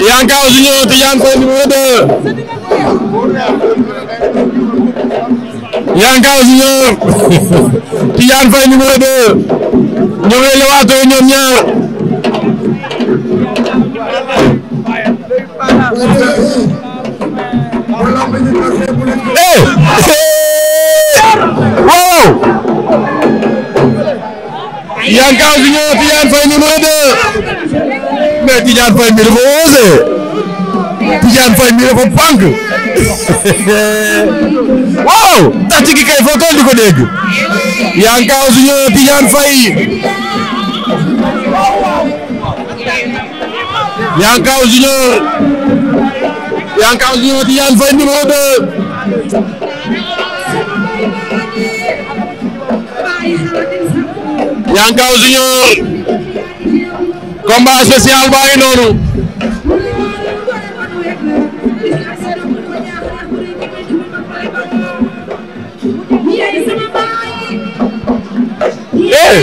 Yanka Junior Tidiane Faye numéro 2 Yanka Junior Tidiane Faye ñaar Yankaw Junior Tidiane Faye numéro 2 mais Tidiane Faye mi dafa osé Tidiane Faye mi dafa pànk waaw tax ci ki kay foo di ko dégg Yankaw Junior Tidiane Faye Yankaw Junior Yankaw Junior Tidiane Faye numéro 2 Yankaw Junior combat spécial baa ngi noonu eh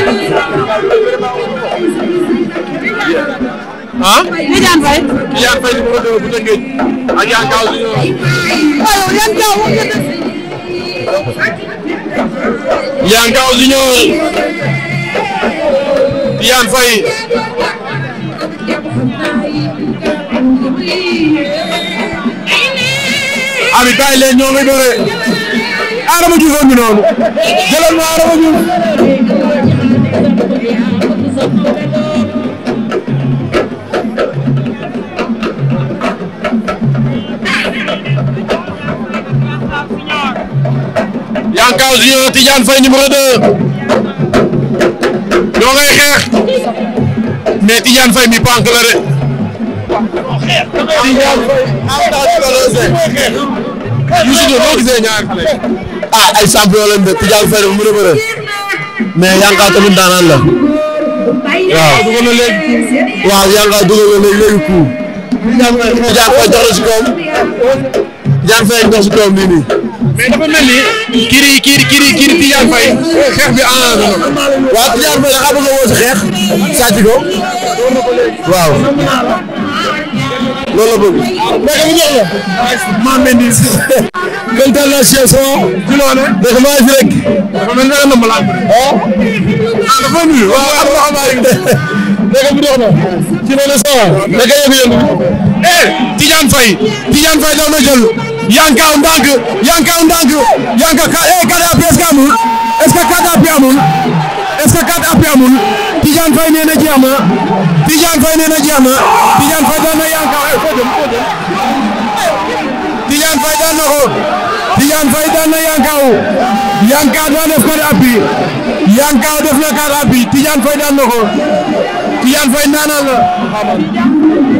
ah Tidiane Faye Tidiane Faye numéro 2 bu Tëngéej ak Yankaw Junior Yankaw Junior Tidiane Faye abi kaay leen ñoo ngi ma Adama ñoo ngay xeex mais Tidiane Faye mi pànk la de. Youssou Ndour boo gisee ñaari xale ah ay champion lañ de Tidiane Faye dafa mën a bëre mais Yanka tamit daanaan la waaw dugal dugal na léegi léegi coup Tidiane Faye jox na si koom Tidiane Faye jox si koom nii mais dafa mel ni. kii kii kii xeex bi en a woo loolu la bëgg. mais bu ñor la. maa mel nii si. loolu. ndax maa ngi fi rek. dafa mel ni nga la mën a. ah. ah dafa nuyu. waaw am na léegi bi dox ci loolu la saa waay da ngay yëngu-yëngu. eh Tidiane Faye Tidiane Faye daw na ka eh, que amul est-ce que carte amul est-ce que carte amul Tidiane Faye nee na jeex na Tidiane Faye nee na jeex na daan na yankaaw eh daan na ko Tidiane Faye def na carte d'appui Tidiane Faye daan na ko. Yane Faye ndaanaan la